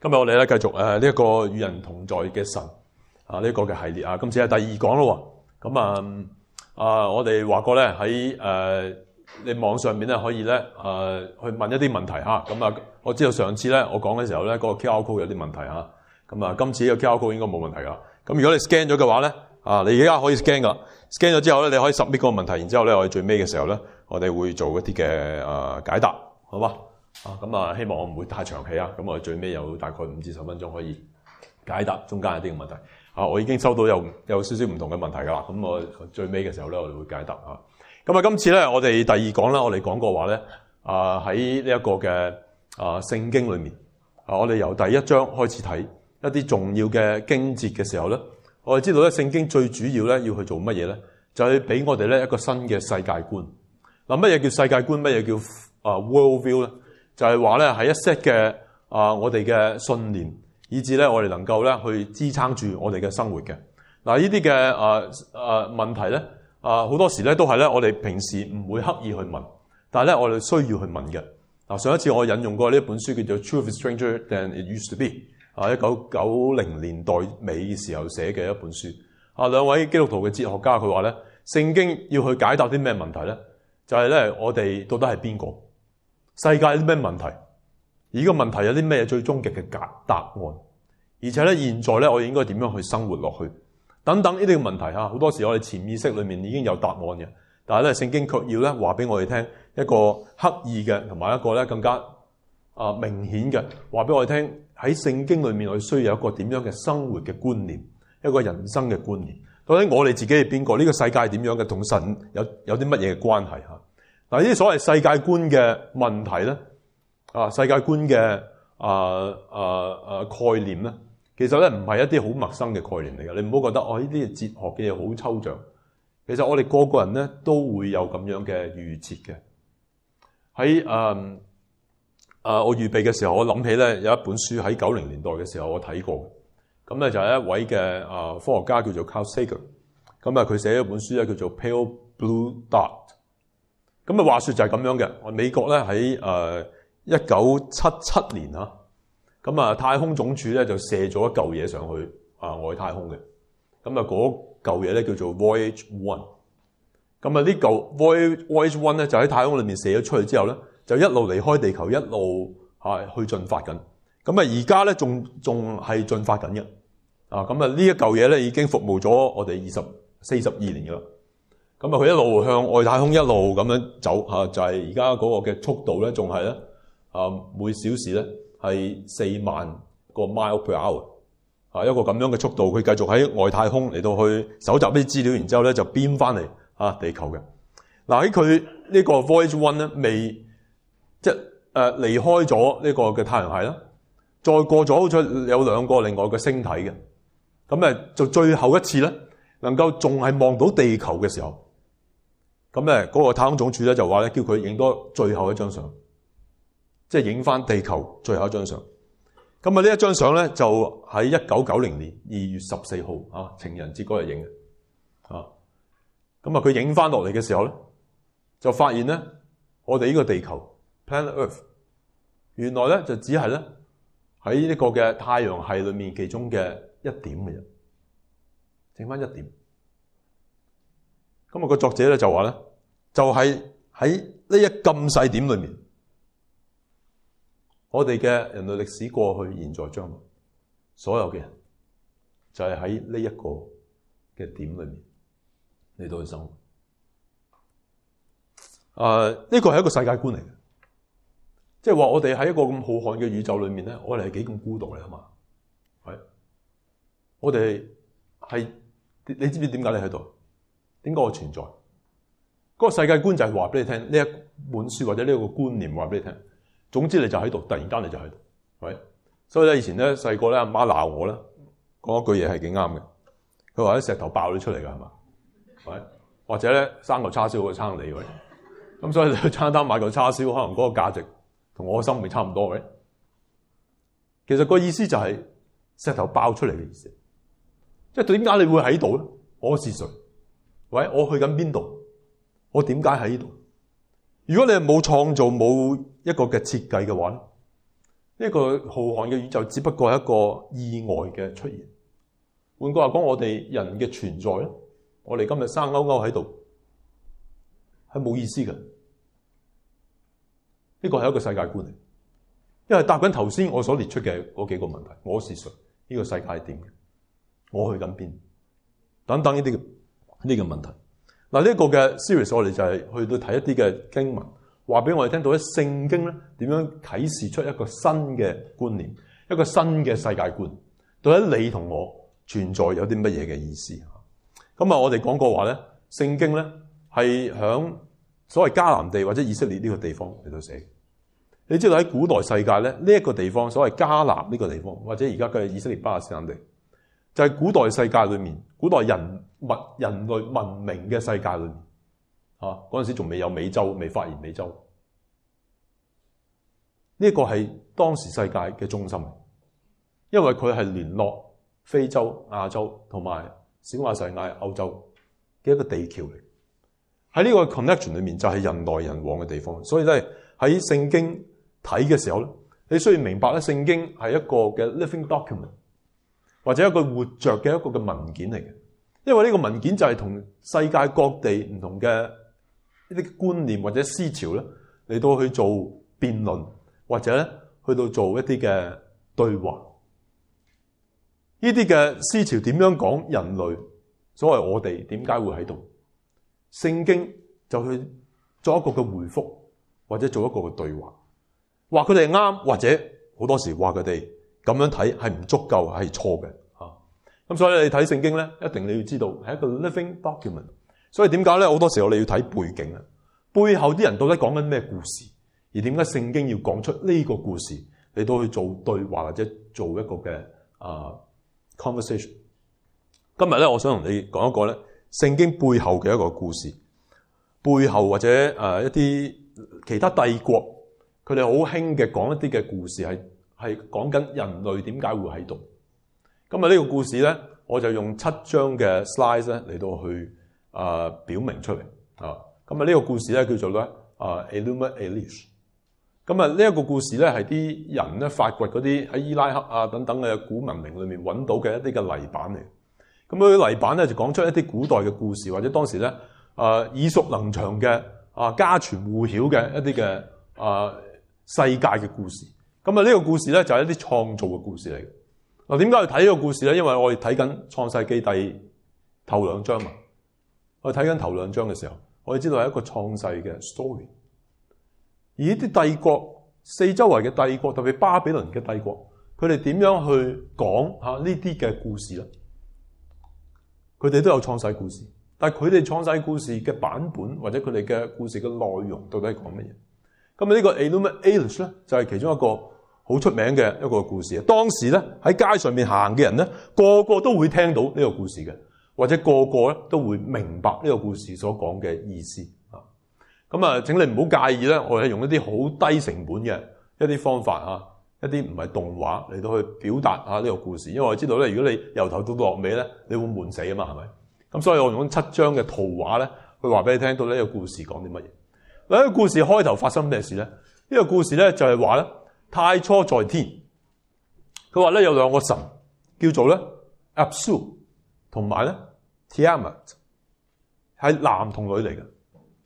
今日我哋咧繼續誒呢一個與人同在嘅神啊呢、這個嘅系列啊，今次係第二講咯喎。咁啊啊，我哋話過咧喺誒你網上面咧可以咧誒、呃、去問一啲問題嚇。咁啊，我知道上次咧我講嘅時候咧、那個個 QR code 有啲問題嚇。咁啊，今次個 QR code 應該冇問題噶。咁、啊、如果你 scan 咗嘅話咧啊，你而家可以 scan 噶，scan 咗之後咧你可以 submit 個問題，然之後咧我哋最尾嘅時候咧，我哋會做一啲嘅誒解答，好嗎？啊，咁啊，希望我唔會太長氣啊！咁啊，最尾有大概五至十分鐘可以解答中間一啲嘅問題。啊，我已經收到有有少少唔同嘅問題噶啦。咁我最尾嘅時候咧，我就會解答啊。咁啊，今次咧，我哋第二講咧，我哋講過話咧，啊喺呢一個嘅啊聖經裏面，啊我哋由第一章開始睇一啲重要嘅經節嘅時候咧，我哋知道咧，聖經最主要咧要去做乜嘢咧，就係俾我哋咧一個新嘅世界觀。嗱，乜嘢叫世界觀？乜嘢叫啊 world view 咧？就係話咧，係一 set 嘅啊，我哋嘅信念，以致咧我哋能夠咧去支撐住我哋嘅生活嘅。嗱，呢啲嘅啊啊問題咧啊，好多時咧都係咧我哋平時唔會刻意去問，但係咧我哋需要去問嘅。嗱，上一次我引用過呢本書，叫做《Truth is Stranger Than It Used To Be》啊，一九九零年代尾時候寫嘅一本書）啊，兩位基督徒嘅哲學家佢話咧，聖經要去解答啲咩問題咧？就係咧，我哋到底係邊個？世界有啲咩問題？而個問題有啲咩最終極嘅答答案？而且咧，現在咧，我哋應該點樣去生活落去？等等呢啲問題吓，好多時我哋潛意識裏面已經有答案嘅，但係咧，聖經卻要咧話俾我哋聽一個刻意嘅，同埋一個咧更加啊明顯嘅話俾我哋聽，喺聖經裏面，我哋需要有一個點樣嘅生活嘅觀念，一個人生嘅觀念。到底我哋自己係邊個？呢個世界係點樣嘅？同神有有啲乜嘢嘅關係吓？嗱，呢啲所謂世界觀嘅問題咧，啊，世界觀嘅啊啊，啊概念咧，其實咧唔係一啲好陌生嘅概念嚟嘅。你唔好覺得哦，呢啲哲學嘅嘢好抽象。其實我哋個個人咧都會有咁樣嘅預設嘅。喺誒、啊啊、我預備嘅時候，我諗起咧有一本書喺九零年代嘅時候我睇過，咁咧就係一位嘅科學家叫做 Carl Sagan，咁啊佢寫咗本書咧叫做 Pale Blue Dot。咁啊，話説就係咁樣嘅，美國咧喺誒一九七七年啊，咁啊太空總署咧就射咗一嚿嘢上去啊外太空嘅，咁啊嗰嚿嘢咧叫做 Voyage One，咁啊呢嚿 Voyage One 咧就喺太空裏面射咗出去之後咧，就一路離開地球，一路啊去進發緊，咁啊而家咧仲仲係進發緊嘅，啊咁啊呢一嚿嘢咧已經服務咗我哋二十四十二年㗎啦。咁啊，佢一路向外太空一路咁樣走吓，就係而家嗰個嘅速度咧，仲係咧啊每小時咧係四萬個 mile per hour 啊一個咁樣嘅速度，佢繼續喺外太空嚟到去搜集啲資料，然之後咧就編翻嚟吓地球嘅。嗱，喺佢呢個 voyage one 咧未即係誒離開咗呢個嘅太陽系啦，再過咗好似有兩個另外嘅星體嘅，咁誒就最後一次咧能夠仲係望到地球嘅時候。咁咧，嗰個太空總署咧就話咧，叫佢影多最後一張相，即係影翻地球最後一張相。咁啊，呢一張相咧就喺一九九零年二月十四號啊，情人節嗰日影嘅啊。咁啊，佢影翻落嚟嘅時候咧，就發現咧，我哋呢個地球 （Planet Earth） 原來咧就只係咧喺呢個嘅太陽系裏面其中嘅一點嘅人，剩翻一點。咁啊，個作者咧就話咧。就係喺呢一咁細點裏面，我哋嘅人類歷史過去、現在、將來，所有嘅人，就係喺呢一個嘅點裏面嚟到去生活。誒、呃，呢個係一個世界觀嚟嘅，即係話我哋喺一個咁浩瀚嘅宇宙裏面咧，我哋係幾咁孤獨嚟啊嘛？係，我哋係你知唔知點解你喺度？點解我存在？嗰個世界觀就係話俾你聽，呢一本書或者呢個觀念話俾你聽。總之你就喺度，突然間你就喺度，係咪？所以咧，以前咧細個咧，阿媽鬧我咧，講一句嘢係幾啱嘅。佢話啲石頭爆咗出嚟㗎，係嘛？喂，或者咧生個叉燒去撐你喂。咁所以你去餐單買個叉燒，可能嗰個價值同我嘅生命差唔多嘅。其實個意思就係石頭爆出嚟嘅意思，即係點解你會喺度咧？我是誰？喂，我去緊邊度？我點解喺呢度？如果你係冇創造、冇一個嘅設計嘅話咧，呢個浩瀚嘅宇宙只不過係一個意外嘅出現。換句話講，我哋人嘅存在咧，我哋今日生勾勾喺度係冇意思嘅。呢個係一個世界觀嚟，因為答緊頭先我所列出嘅嗰幾個問題：我是誰？呢個世界係點嘅？我去緊邊？等等呢啲呢個問題。嗱、這、呢個嘅 series 我哋就係去到睇一啲嘅經文，話俾我哋聽到喺聖經咧點樣啟示出一個新嘅觀念，一個新嘅世界觀，到底你同我存在有啲乜嘢嘅意思？咁啊，我哋講過話咧，聖經咧係響所謂迦南地或者以色列呢個地方嚟到寫。你知道喺古代世界咧呢一個地方，所謂迦南呢個地方，或者而家嘅以色列巴勒斯坦地。就係、是、古代世界裏面，古代人物、人類文明嘅世界裏面，啊，嗰陣時仲未有美洲，未發現美洲。呢個係當時世界嘅中心，因為佢係聯絡非洲、亞洲同埋小亞細亞、歐洲嘅一個地橋嚟。喺呢個 connection 裏面，就係人來人往嘅地方。所以咧，喺聖經睇嘅時候咧，你需要明白咧，聖經係一個嘅 living document。或者一個活着嘅一個嘅文件嚟嘅，因為呢個文件就係同世界各地唔同嘅一啲觀念或者思潮咧，嚟到去做辯論，或者去到做一啲嘅對話。呢啲嘅思潮點樣講人類？所謂我哋點解會喺度？聖經就去做一個嘅回覆，或者做一個嘅對話，話佢哋啱，或者好多時話佢哋。咁樣睇係唔足夠，係錯嘅啊！咁所以你睇聖經咧，一定你要知道係一個 living document。所以點解咧，好多時候你要睇背景啊，背後啲人到底在講緊咩故事，而點解聖經要講出呢個故事，你都去做對話或者做一個嘅啊 conversation。今日咧，我想同你講一個咧，聖經背後嘅一個故事，背後或者誒、啊、一啲其他帝國，佢哋好興嘅講一啲嘅故事係。係講緊人類點解會喺度？咁啊呢個故事咧，我就用七張嘅 slides 咧嚟到去啊表明出嚟啊。咁啊呢個故事咧叫做咧啊《Enuma Elish》，咁啊呢一個故事咧係啲人咧發掘嗰啲喺伊拉克啊等等嘅古文明裏面揾到嘅一啲嘅泥板嚟。咁嗰啲泥板咧就講出一啲古代嘅故事，或者當時咧啊耳熟能詳嘅啊家傳戶曉嘅一啲嘅啊世界嘅故事。咁啊，呢個故事咧就係一啲創造嘅故事嚟。嗱，點解要睇呢個故事咧？因為我哋睇緊創世記第頭兩章啊，我哋睇緊頭兩章嘅時候，我哋知道係一個創世嘅 story。而呢啲帝國四周圍嘅帝國，特別巴比倫嘅帝國，佢哋點樣去講吓呢啲嘅故事咧？佢哋都有創世故事，但係佢哋創世故事嘅版本或者佢哋嘅故事嘅內容，到底係講乜嘢？咁啊，呢個 Enuma Elish 咧，就係其中一個好出名嘅一個故事。當時咧，喺街上面行嘅人咧，個個都會聽到呢個故事嘅，或者個個咧都會明白呢個故事所講嘅意思啊。咁啊，請你唔好介意呢，我係用一啲好低成本嘅一啲方法啊，一啲唔係動畫嚟到去表達下呢個故事，因為我知道咧，如果你由頭到落尾咧，你會悶死啊嘛，係咪？咁所以我用七張嘅圖畫咧，去話俾你聽到呢個故事講啲乜嘢。呢、呢個故事開頭發生咩事咧？呢個故事咧就係話咧太初在天，佢話咧有兩個神叫做咧 Abzu 同埋咧 Tiamat，係男同女嚟嘅，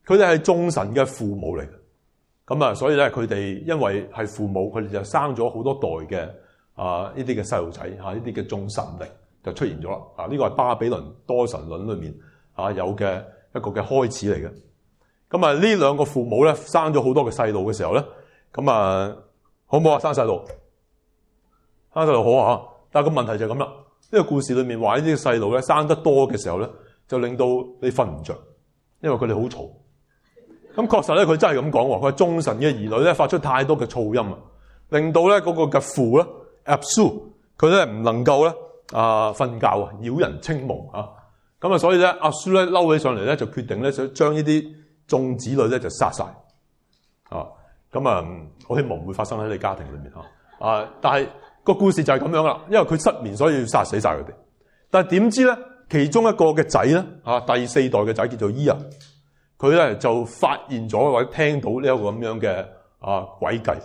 佢哋係眾神嘅父母嚟嘅。咁啊，所以咧佢哋因為係父母，佢哋就生咗好多代嘅啊呢啲嘅細路仔吓，呢啲嘅眾神力就出現咗啦。啊，呢個係巴比倫多神論裏面啊有嘅一個嘅開始嚟嘅。咁啊，呢兩個父母咧生咗好多嘅細路嘅時候咧，咁啊，好唔好啊？生細路，生細路好啊嚇！但係個問題就係咁啦，呢個故事裏面話呢啲細路咧生得多嘅時候咧，就令到你瞓唔著，因為佢哋好嘈。咁確實咧，佢真係咁講喎。佢係眾神嘅兒女咧，發出太多嘅噪音啊，令到咧嗰個嘅父咧阿蘇，佢咧唔能夠咧啊瞓覺啊，擾人清夢啊。咁啊，所以咧阿蘇咧嬲起上嚟咧，就決定咧想將呢啲眾子女咧就殺晒，啊！咁啊，我希望唔會發生喺你家庭裏面嚇啊。但係個故事就係咁樣啦，因為佢失眠，所以要殺死晒佢哋。但係點知咧，其中一個嘅仔咧啊，第四代嘅仔叫做伊人，佢咧就發現咗或者聽到呢一個咁樣嘅啊詭計，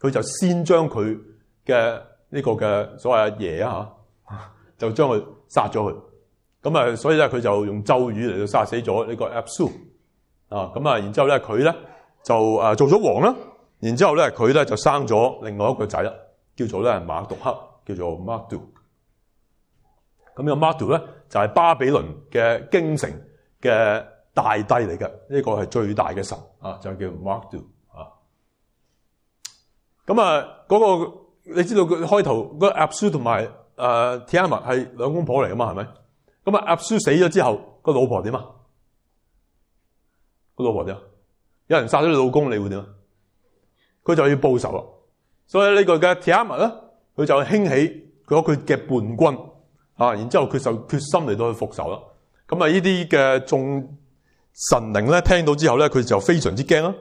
佢就先將佢嘅呢個嘅所謂阿爺啊嚇，就將佢殺咗佢咁啊。所以咧，佢就用咒語嚟到殺死咗呢個 Absu 啊，咁啊，然之後咧，佢咧就誒做咗王啦。然之後咧，佢咧就生咗另外一個仔啦，叫做咧馬獨克，叫做 Marduk 咁咁個 Marduk 咧就係巴比倫嘅京城嘅大帝嚟嘅，呢、這個係最大嘅神啊，就叫 Marduk 啊。咁、那、啊、個，嗰個你知道佢開頭個阿 su 同埋 t 誒提亞瑪係兩公婆嚟噶嘛，係咪？咁啊，阿 su、呃、死咗之後個老婆點啊？個老婆點？有人殺咗你老公，你會點啊？佢就要報仇啦。所以個呢個嘅 Tiamat 咧，佢就興起佢佢嘅叛軍啊，然之後佢就決心嚟到去復仇啦。咁啊，呢啲嘅眾神靈咧，聽到之後咧，佢就非常之驚啦。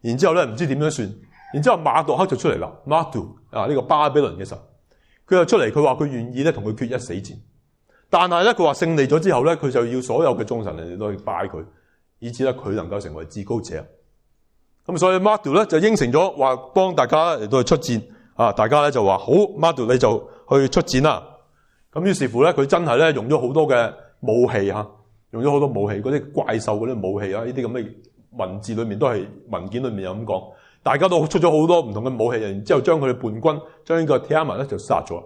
然之後咧，唔知點樣算？然之後馬杜克就出嚟啦，馬杜啊，呢個巴比倫嘅神，佢就出嚟，佢話佢願意咧同佢決一死戰。但係咧，佢話勝利咗之後咧，佢就要所有嘅眾神嚟到去拜佢。以至咧，佢能夠成為至高者咁，所以 Marduk 咧就應承咗話幫大家嚟到去出戰啊！大家咧就話好，Marduk 你就去出戰啦。咁於是乎咧，佢真係咧用咗好多嘅武器吓，用咗好多武器嗰啲怪獸嗰啲武器啊！呢啲咁嘅文字裏面都係文件裏面有咁講，大家都出咗好多唔同嘅武器，然，後將將然後之後將佢哋叛軍將呢個 Tiamat 咧就殺咗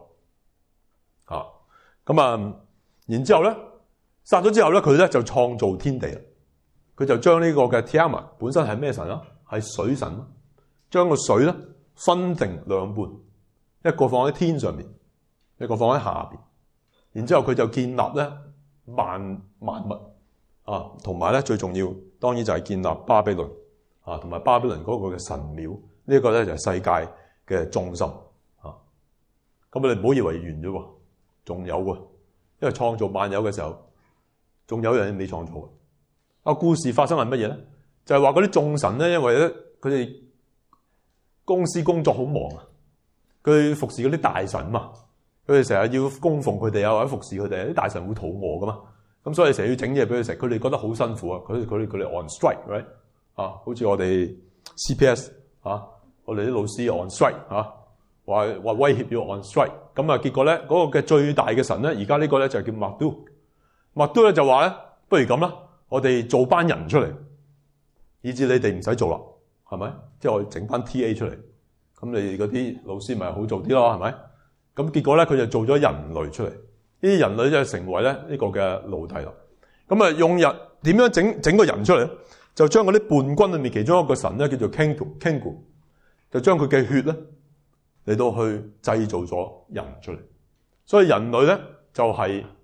啊！咁啊，然之後咧殺咗之後咧，佢咧就創造天地啦。佢就將呢個嘅 Tiamat 本身係咩神咯、啊？係水神、啊，將個水咧分成兩半，一個放喺天上面，一個放喺下面。然之後佢就建立咧萬萬物啊，同埋咧最重要當然就係建立巴比倫啊，同埋巴比倫嗰個嘅神廟、這個、呢個個咧就係、是、世界嘅重心啊。咁你唔好以為完咗喎，仲有啊，因為創造萬有嘅時候，仲有一人未創造啊！故事發生係乜嘢咧？就係話嗰啲眾神咧，因為咧佢哋公司工作好忙啊，佢服侍嗰啲大神嘛，佢哋成日要供奉佢哋啊，或者服侍佢哋，啲大神會肚餓噶嘛，咁所以成日要整嘢俾佢食。佢哋覺得好辛苦啊，佢佢佢哋 on strike，啊、right?，好似我哋 CPS 啊，我哋啲老師 on strike，嚇，話話威脅要 on strike。咁啊，結果咧嗰個嘅最大嘅神咧，而家呢個咧就係叫麥都。麥都咧就話咧，不如咁啦。我哋做班人出嚟，以至你哋唔使做啦，係咪？即係我整翻 T.A. 出嚟，咁你哋嗰啲老師咪好做啲咯，係咪？咁結果咧，佢就做咗人類出嚟，呢啲人類就成為咧呢個嘅奴隸啦。咁啊，用人點樣整整個人出嚟咧？就將嗰啲叛軍裏面其中一個神咧，叫做 Kingu Kingu，就將佢嘅血咧嚟到去製造咗人出嚟。所以人類咧就係、是。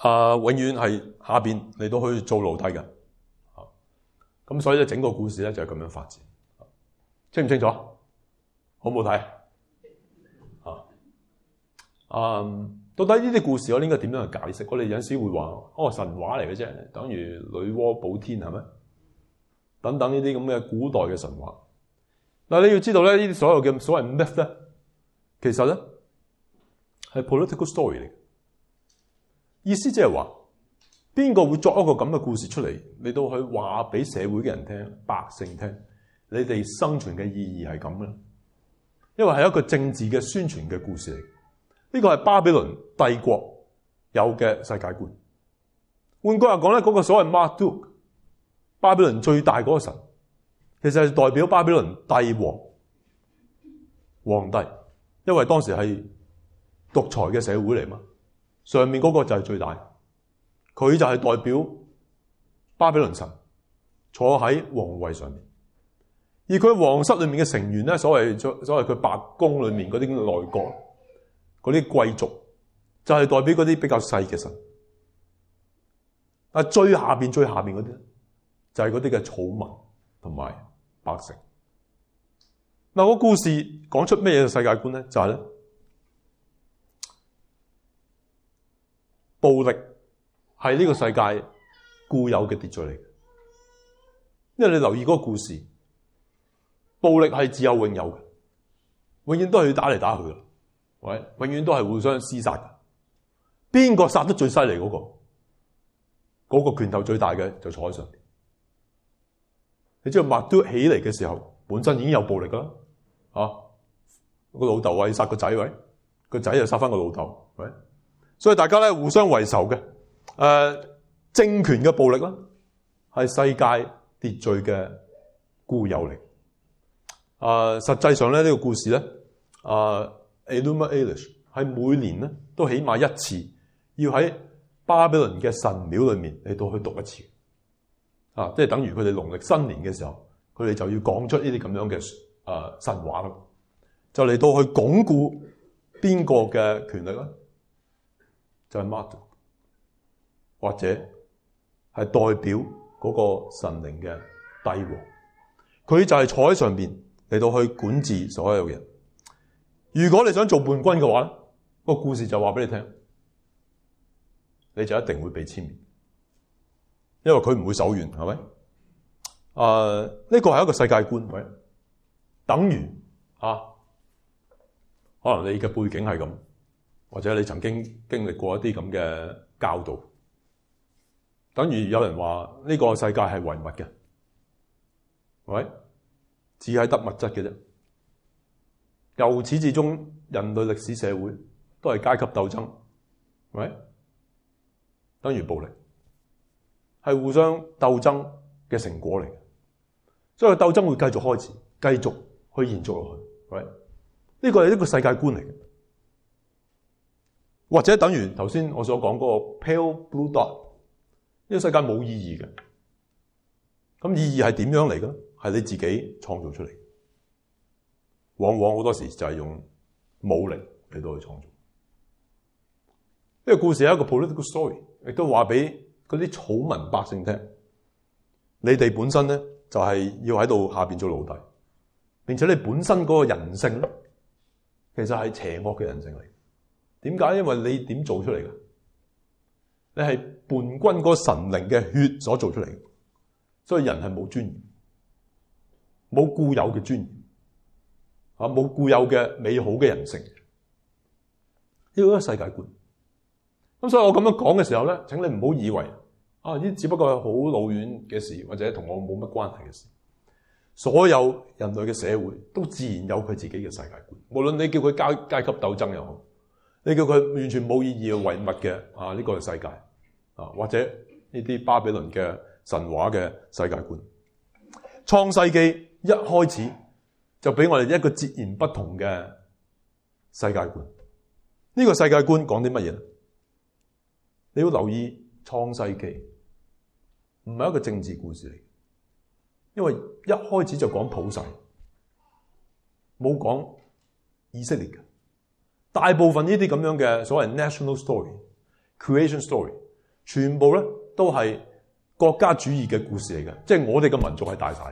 啊，永遠係下邊都可去做奴隸嘅。咁、啊、所以咧整個故事咧就係咁樣發展，啊、清唔清楚？好唔好睇、啊？啊，到底呢啲故事我應該點樣解釋？我哋有陣時會話，哦，神話嚟嘅啫，等於女媧補天係咪？等等呢啲咁嘅古代嘅神話，嗱、啊、你要知道咧，呢啲所有嘅所謂 myth 咧，其實咧係 political story 嚟嘅。意思即係話，邊個會作一個咁嘅故事出嚟嚟到去話俾社會嘅人聽、百姓聽，你哋生存嘅意義係咁嘅咧？因為係一個政治嘅宣傳嘅故事嚟，呢個係巴比倫帝國有嘅世界觀。換句話講咧，嗰、嗰個所謂馬杜克巴比倫最大嗰個神，其實係代表巴比倫帝王皇帝，因為當時係獨裁嘅社會嚟嘛。上面嗰個就係最大，佢就係代表巴比倫神坐喺皇位上面，而佢皇室裏面嘅成員咧，所謂所謂佢白宮裏面嗰啲內閣嗰啲貴族，就係代表嗰啲比較細嘅神。但最下面、最下面嗰啲，就係嗰啲嘅草民同埋百姓。嗱，個故事講出咩嘢世界觀咧？就係咧。暴力係呢個世界固有嘅秩序嚟，因為你留意嗰個故事，暴力係自有永有嘅，永遠都係打嚟打去嘅，喂，永遠都係互相廝殺嘅，邊個殺得最犀利嗰個，嗰個拳頭最大嘅就坐喺上邊，你知道抹堆起嚟嘅時候，本身已經有暴力啦，啊，個老豆喂要殺個仔喂，個仔又殺翻個老豆，喂。所以大家咧互相為仇嘅，誒、啊，政權嘅暴力啦，係世界秩序嘅固有力。誒、啊，實際上咧呢個故事咧，誒 Enuma Elish 喺每年咧都起碼一次，要喺巴比倫嘅神廟裏面嚟到去讀一次。啊，即係等於佢哋農曆新年嘅時候，佢哋就要講出呢啲咁樣嘅誒神話咯，就嚟到去鞏固邊個嘅權力咧。就是 master 或者是代表那個神靈的帝王，他就是坐喺上面來到去管治所有的人。如果你想做叛軍的話，那個故事就話俾你聽，你就一定會被殲滅，因為他不會手軟，係咪？誒、呃，這個是一個世界觀，喂，等於啊，可能你的背景是這樣或者你曾經經歷過一啲咁嘅教導，等於有人話呢個世界係唯物嘅，喂，只係得物質嘅啫。由始至終，人類歷史社會都係階級鬥爭，喂，等於暴力係互相鬥爭嘅成果嚟，所以鬥爭會繼續開始，繼續去延續落去，喂，呢個係一個世界觀嚟。或者等於頭先我所講嗰個 Pale Blue Dot，呢個世界冇意義嘅，咁意義係點樣嚟嘅？係你自己創造出嚟，往往好多時就係用武力嚟到去創造。呢個故事係一個 political story，亦都話俾嗰啲草民百姓聽：你哋本身咧就係要喺度下邊做奴隸，並且你本身嗰個人性呢，其實係邪惡嘅人性嚟。點解？因為你點做出嚟嘅？你係叛軍個神靈嘅血所做出嚟，所以人係冇尊嚴，冇固有嘅尊嚴，冇固有嘅美好嘅人性呢個世界觀。咁所以我咁樣講嘅時候咧，請你唔好以為啊，呢只不過係好老遠嘅事，或者同我冇乜關係嘅事。所有人類嘅社會都自然有佢自己嘅世界觀，無論你叫佢階階級鬥爭又好。你叫佢完全冇意義嘅唯物嘅啊！呢個係世界啊，或者呢啲巴比倫嘅神話嘅世界觀，創世記一開始就俾我哋一個截然不同嘅世界觀。呢個世界觀講啲乜嘢？你要留意創世記唔係一個政治故事嚟，因為一開始就講普世，冇講以色列嘅。大部分呢啲咁樣嘅所謂 national story、creation story，全部咧都係國家主義嘅故事嚟嘅，即係我哋嘅民族係大晒，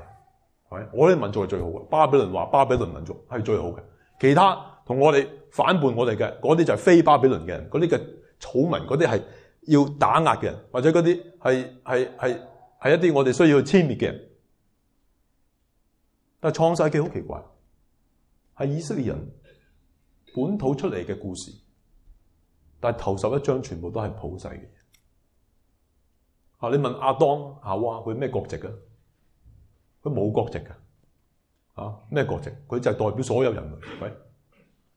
係我哋民族係最好嘅。巴比倫話巴比倫民族係最好嘅，其他同我哋反叛我哋嘅嗰啲就係非巴比倫嘅人，嗰啲嘅草民，嗰啲係要打壓嘅人，或者嗰啲係係係係一啲我哋需要去殲滅嘅人。但係創世記好奇怪，係以色列人。本土出嚟嘅故事，但係頭十一章全部都係普世嘅嘢。啊，你問亞當夏娃佢咩國籍嘅？佢冇國籍嘅。啊，咩國籍？佢就係代表所有人類。喂，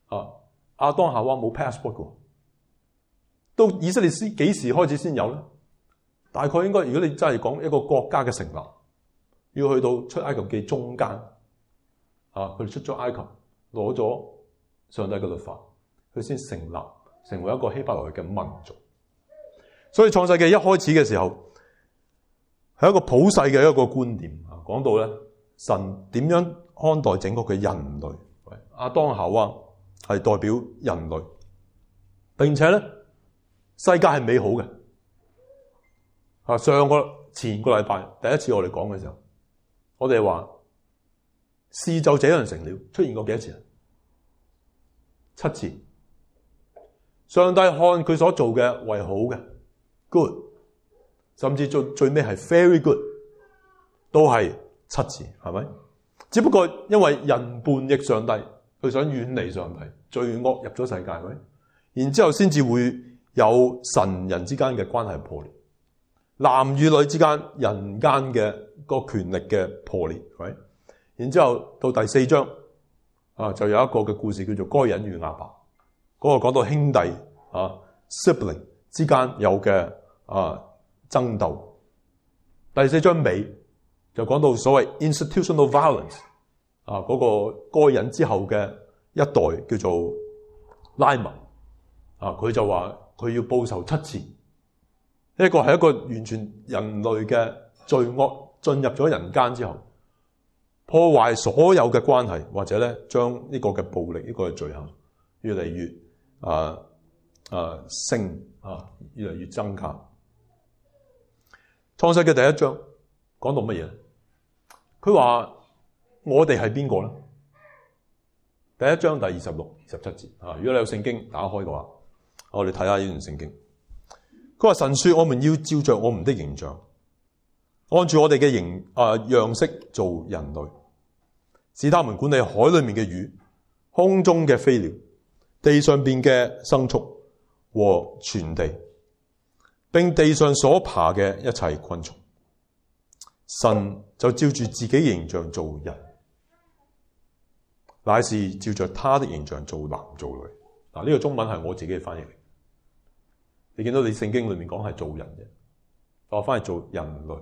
啊，亞當夏娃冇 passport 嘅。到以色列斯幾時開始先有咧？大概應該，如果你真係講一個國家嘅成立，要去到出埃及記中間，啊，佢哋出咗埃及，攞咗，上帝嘅律法，佢先成立成為一個希伯來嘅民族。所以創世紀一開始嘅時候，係一個普世嘅一個觀點啊，講到咧神點樣看待整個嘅人類。阿當夏娃，係代表人類，並且咧世界係美好嘅。啊，上個前個禮拜第一次我哋講嘅時候，我哋話事就這樣成了，出現過幾多次啊？七次上帝看佢所做嘅為好嘅 good，甚至最最尾係 very good，都係七次，係咪？只不過因為人叛逆上帝，佢想遠離上帝，罪惡入咗世界，係咪？然之後先至會有神人之間嘅關係破裂，男與女之間人間嘅個權力嘅破裂，係咪？然之後到第四章。啊，就有一個嘅故事叫做《該隱與亞伯》，嗰個講到兄弟啊，sibling 之間有嘅啊爭鬥。第四章尾就講到所謂 institutional violence 啊，嗰個該隱之後嘅一代叫做拉麥啊，佢就話佢要報仇七次。呢個係一個完全人類嘅罪惡進入咗人間之後。破壞所有嘅關係，或者咧將呢個嘅暴力呢個嘅罪行越嚟越啊啊升啊，越嚟越增加。創世嘅第一章講到乜嘢？佢話我哋係邊個咧？第一章第二十六、二十七節啊，如果你有聖經打開嘅話，我哋睇下呢段聖經。佢話神說：我們要照着我們的形象，按住我哋嘅形啊樣式做人類。使他們管理海裏面嘅魚、空中嘅飛鳥、地上邊嘅牲畜和全地，並地上所爬嘅一切昆蟲。神就照住自己形象造人，乃是照着他的形象造男造女。嗱，呢個中文係我自己嘅翻譯嚟。你見到你聖經裏面講係造人嘅，我翻去做人類，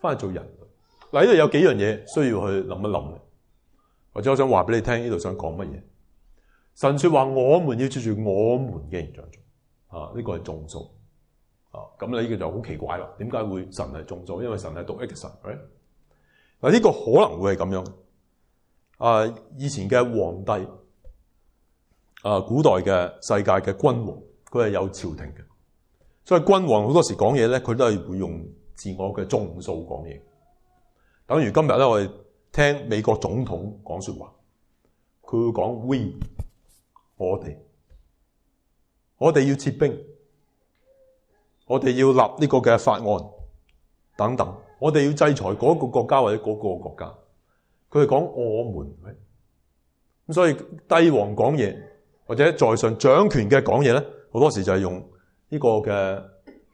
翻去做人。嗱，呢度有幾樣嘢需要去諗一諗嘅，或者我想話俾你聽，呢度想講乜嘢？神說話，我們要照住我們嘅形象做啊。呢個係眾數啊，咁你呢個就好奇怪啦。點解會神係眾數？因為神係獨一嘅神。嗱，呢個可能會係咁樣啊。以前嘅皇帝啊，古代嘅世界嘅君王，佢係有朝廷嘅。所以君王好多時講嘢咧，佢都係會用自我嘅眾數講嘢。等於今日咧，我哋聽美國總統講說話，佢會講 we，我哋，我哋要撤兵，我哋要立呢個嘅法案等等，我哋要制裁嗰個國家或者嗰個國家，佢係講我們，咁所以帝王講嘢或者在上掌權嘅講嘢咧，好多時就係用呢個嘅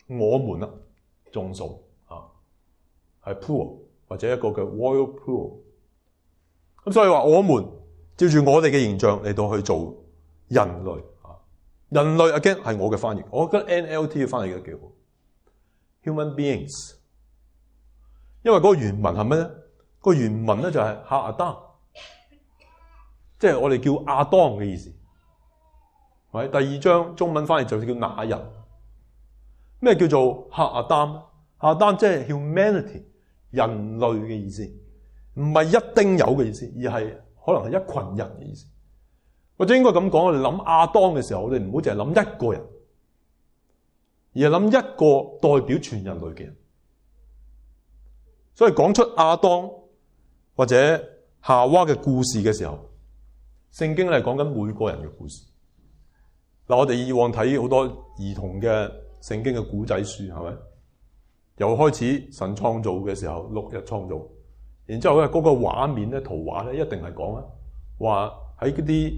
我們啦，眾數啊，係 poor 或者一個嘅 royal pool，咁所以話我們照住我哋嘅形象嚟到去做人類啊，人類 Again 係我嘅翻譯，我覺得 NLT 嘅翻譯得幾好，human beings。因為嗰個原文係咩咧？個原文咧就係夏阿丹，即係我哋叫阿當嘅意思。第二章中文翻譯就叫那人。咩叫做夏阿丹？夏阿丹即係 humanity。人類嘅意思，唔係一丁友嘅意思，而係可能係一群人嘅意思。或者應該咁講，我哋諗亞當嘅時候，我哋唔好淨係諗一個人，而係諗一個代表全人類嘅人。所以講出亞當或者夏娃嘅故事嘅時候，聖經咧係講緊每個人嘅故事。嗱，我哋以往睇好多兒童嘅聖經嘅古仔書，係咪？又開始神創造嘅時候，六日創造，然之後咧嗰個畫面咧、圖畫咧，一定係講啊，話喺嗰啲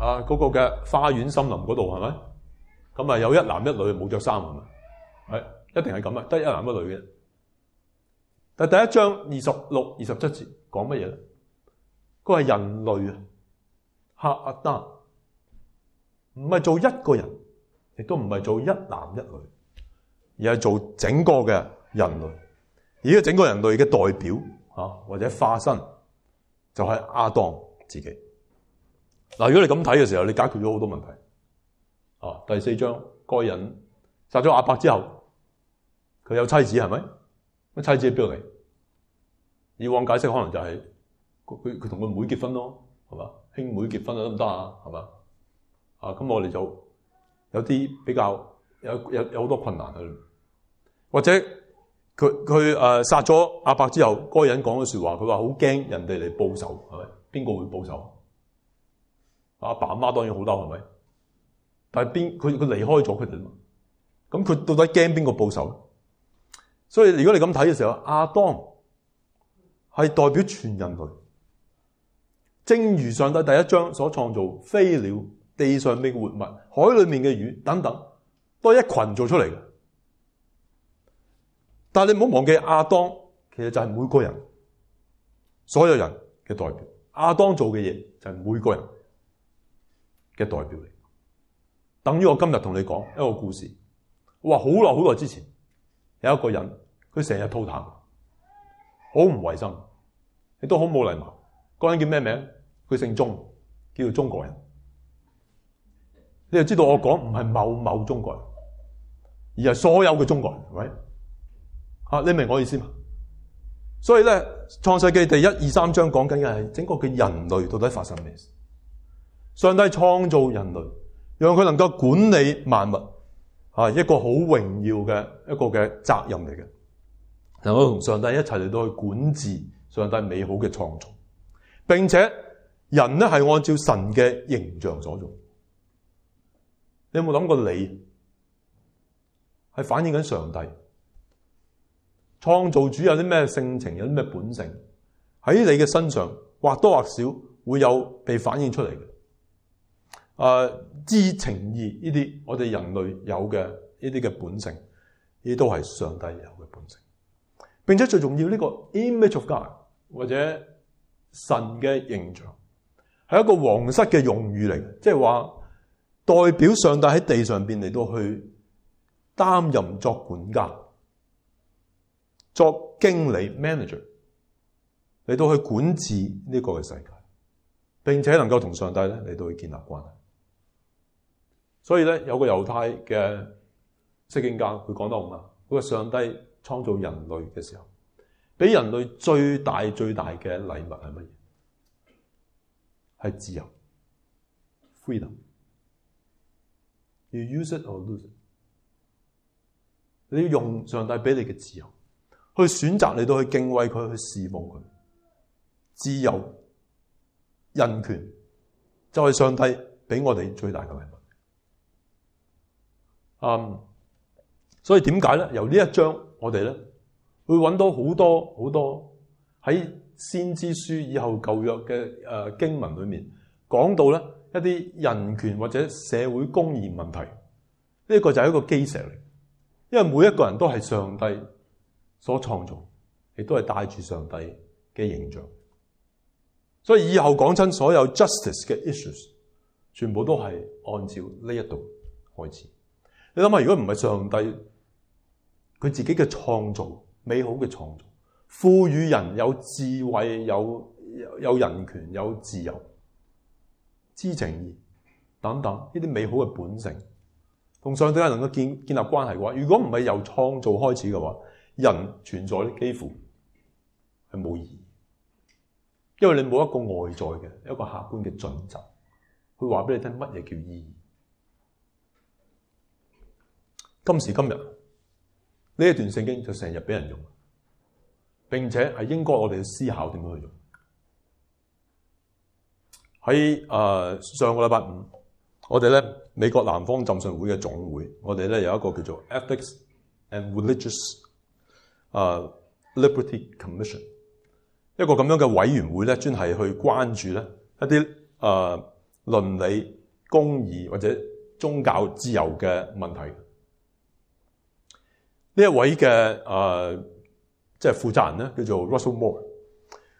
啊嗰個嘅花園、森林嗰度係咪？咁啊有一男一女冇着衫啊嘛，係一定係咁啊，得一男一女嘅。但係第一章二十六、二十七節講乜嘢咧？嗰係人類啊，吓，亞當，唔係做一個人，亦都唔係做一男一女。而係做整個嘅人類，而家整個人類嘅代表啊，或者化身就係、是、亞當自己。嗱，如果你咁睇嘅時候，你解決咗好多問題。啊，第四章該隱殺咗亞伯之後，佢有妻子係咪？乜妻子喺邊度嚟？以往解釋可能就係佢佢同個妹結婚咯，係嘛？兄妹結婚得唔得啊？係嘛？啊，咁我哋就有啲比較。有有有好多困難佢，或者佢佢誒殺咗阿伯之後，嗰個人講嘅說話，佢話好驚人哋嚟報仇，係咪？邊個會報仇？阿爸阿媽當然好嬲，係咪？但係邊佢佢離開咗佢哋，咁佢到底驚邊個報仇咧？所以如果你咁睇嘅時候，阿當係代表全人類，正如上帝第一章所創造飛鳥、地上邊嘅活物、海裏面嘅魚等等。都係一群做出嚟，但係你唔好忘記阿當，其實就係每個人、所有人嘅代表。阿當做嘅嘢就係每個人嘅代表嚟，等於我今日同你講一個故事。我話好耐好耐之前，有一個人，佢成日吐痰，好唔衛生，亦都好冇禮貌。嗰人叫咩名？佢姓鍾，叫做中國人。你就知道我講唔係某某中國人。而係所有嘅中國人 r 你明白我意思嘛？所以咧，創 1, 2,《創世紀第一二三章講緊嘅係整個嘅人類到底發生咩事？上帝創造人類，讓佢能夠管理萬物，吓一個好榮耀嘅一個嘅責任嚟嘅。能夠同上帝一齊嚟到去管治上帝美好嘅創造，並且人咧係按照神嘅形象所做。你有冇諗過你？係反映緊上帝創造主有啲咩性情，有啲咩本性喺你嘅身上或多或少會有被反映出嚟嘅。誒、啊，知情意呢啲我哋人類有嘅呢啲嘅本性，呢都係上帝有嘅本性，並且最重要呢，這個 image of God 或者神嘅形象係一個皇室嘅用語嚟，即係話代表上帝喺地上邊嚟到去。擔任作管家、作經理 （manager） 嚟到去管治呢個嘅世界，並且能夠同上帝咧嚟到去建立關係。所以咧有個猶太嘅釋經家，佢講得好啊，嗰個上帝創造人類嘅時候，俾人類最大最大嘅禮物係乜嘢？係自由 （freedom）。You use it or lose it. 你要用上帝俾你嘅自由去選擇你都去敬畏佢去侍奉佢，自由人權就係上帝俾我哋最大嘅禮物。Um, 所以點解咧？由呢一章我哋咧會揾到好多好多喺先知書、以後舊約嘅誒經文裏面講到咧一啲人權或者社會公義問題，呢一個就係一個基石嚟。因為每一個人都係上帝所創造，亦都係帶住上帝嘅形象，所以以後講真所有 justice 嘅 issues，全部都係按照呢一度開始。你諗下，如果唔係上帝佢自己嘅創造，美好嘅創造，賦予人有智慧、有有人權、有自由、知情意等等呢啲美好嘅本性。同上帝能夠建建立關係嘅話，如果唔係由創造開始嘅話，人存在幾乎係冇意義，因為你冇一個外在嘅一個客觀嘅準則，去話俾你聽乜嘢叫意義。今時今日呢一段聖經就成日俾人用，並且係應該我哋去思考點樣去用。喺誒上個禮拜五。我哋咧美國南方浸信會嘅總會，我哋咧有一個叫做 Ethics and Religious、uh, Liberty Commission，一個咁樣嘅委員會咧，專係去關注咧一啲啊、uh, 倫理公義或者宗教自由嘅問題。呢一位嘅啊即係負責人咧，叫做 Russell Moore。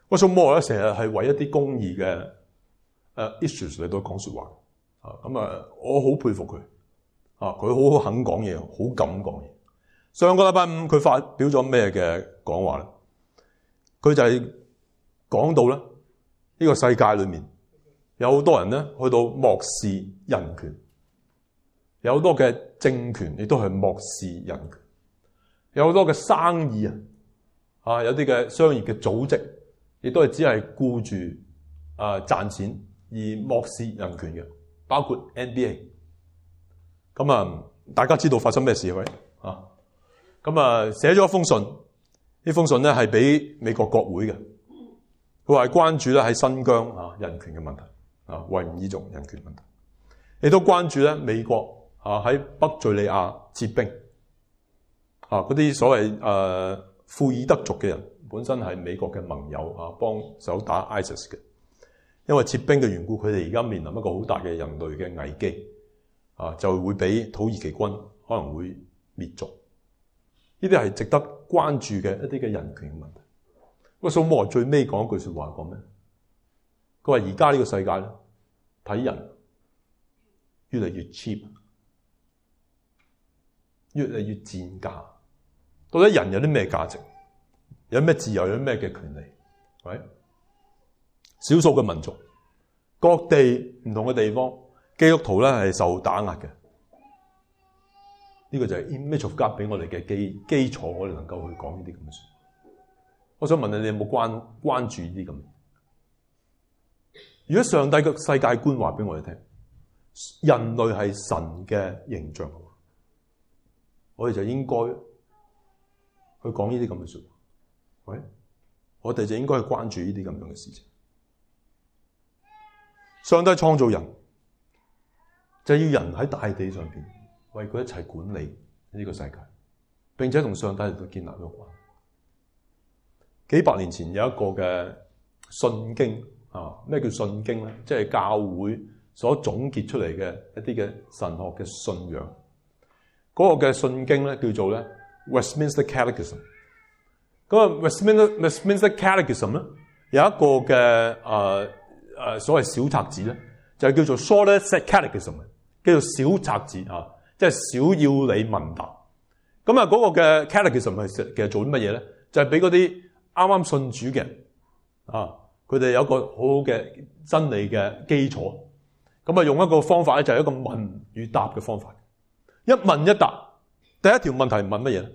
Russell Moore 咧成日係為一啲公義嘅、uh, issues 嚟到講說話。咁、嗯、啊！我好佩服佢啊！佢好肯講嘢，好敢講嘢。上個禮拜五，佢發表咗咩嘅講話咧？佢就係講到咧呢個世界裏面有好多人咧去到漠視人權，有好多嘅政權亦都係漠視人權，有好多嘅生意啊，啊有啲嘅商業嘅組織亦都係只係顧住啊賺錢而漠視人權嘅。包括 NBA，咁啊，大家知道發生咩事喂？啊，咁啊，寫咗一封信，呢封信咧，係俾美國國會嘅，佢話係關注咧喺新疆啊人權嘅問題啊，維吾爾族人權問題，亦都關注咧美國啊喺北敘利亞撤兵啊，嗰啲所謂誒庫爾德族嘅人本身係美國嘅盟友啊，幫手打 ISIS 嘅。因為撤兵嘅緣故，佢哋而家面臨一個好大嘅人類嘅危機，啊，就會俾土耳其軍可能會滅族，呢啲係值得關注嘅一啲嘅人權問題。個蘇摩最尾講一句說話，講咩？佢話而家呢個世界睇人越嚟越 cheap，越嚟越賤價。到底人有啲咩價值？有咩自由？有咩嘅權利？少數嘅民族，各地唔同嘅地方，基督徒咧係受打壓嘅。呢、這個就係 image of God 俾我哋嘅基基礎，我哋能夠去講呢啲咁嘅說話。我想問你，你有冇關關注呢啲咁？如果上帝嘅世界觀話俾我哋聽，人類係神嘅形象，我哋就應該去講呢啲咁嘅說話。喂，我哋就應該去關注呢啲咁樣嘅事情。上帝創造人，就是、要人在大地上邊為他一起管理這個世界，並且同上帝嚟到建立了關係。幾百年前有一個嘅信經啊，什麼叫信經呢就是教會所總結出來的一些神學的信仰。嗰、那個嘅信經呢叫做呢 Westminster c a t e c h i s m 咁 w e s t m i n s t e r c a t e c h i s m 咧有一個嘅誒所謂小冊子咧，就係叫做 short catechism，叫做小冊子，小冊子啊，即係少要你問答。咁啊，嗰個嘅 catechism 係其實做啲乜嘢咧？就係俾嗰啲啱啱信主嘅啊，佢哋有一個好好嘅真理嘅基礎。咁啊，用一個方法咧，就係一個問與答嘅方法。一問一答，第一條問題問乜嘢？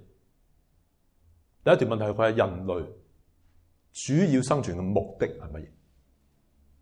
第一條問題係佢係人類主要生存嘅目的係乜嘢？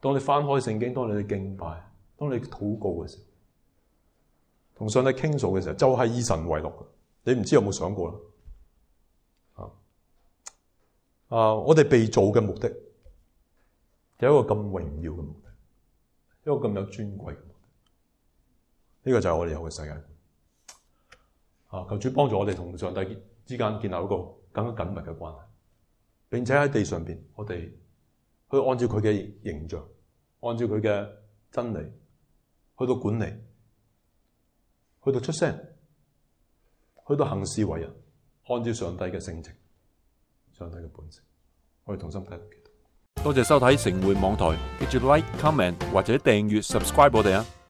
當你翻開聖經，當你去敬拜，當你禱告嘅時候，同上帝傾訴嘅時候，就係以神為樂嘅，你唔知有冇想過啦？啊啊！我哋被造嘅目的有一個咁榮耀嘅目的，一個咁有尊貴嘅目的。呢個就係我哋有嘅世界觀。啊！求主幫助我哋同上帝之間建立一個更加緊密嘅關係，並且喺地上面。我哋。去按照佢嘅形象，按照佢嘅真理，去到管理，去到出聲，去到行事為人，按照上帝嘅性情，上帝嘅本性，我哋同心態度祈禱。多謝收睇城滙網台，記得 like、comment 或者訂閱 subscribe 我哋啊！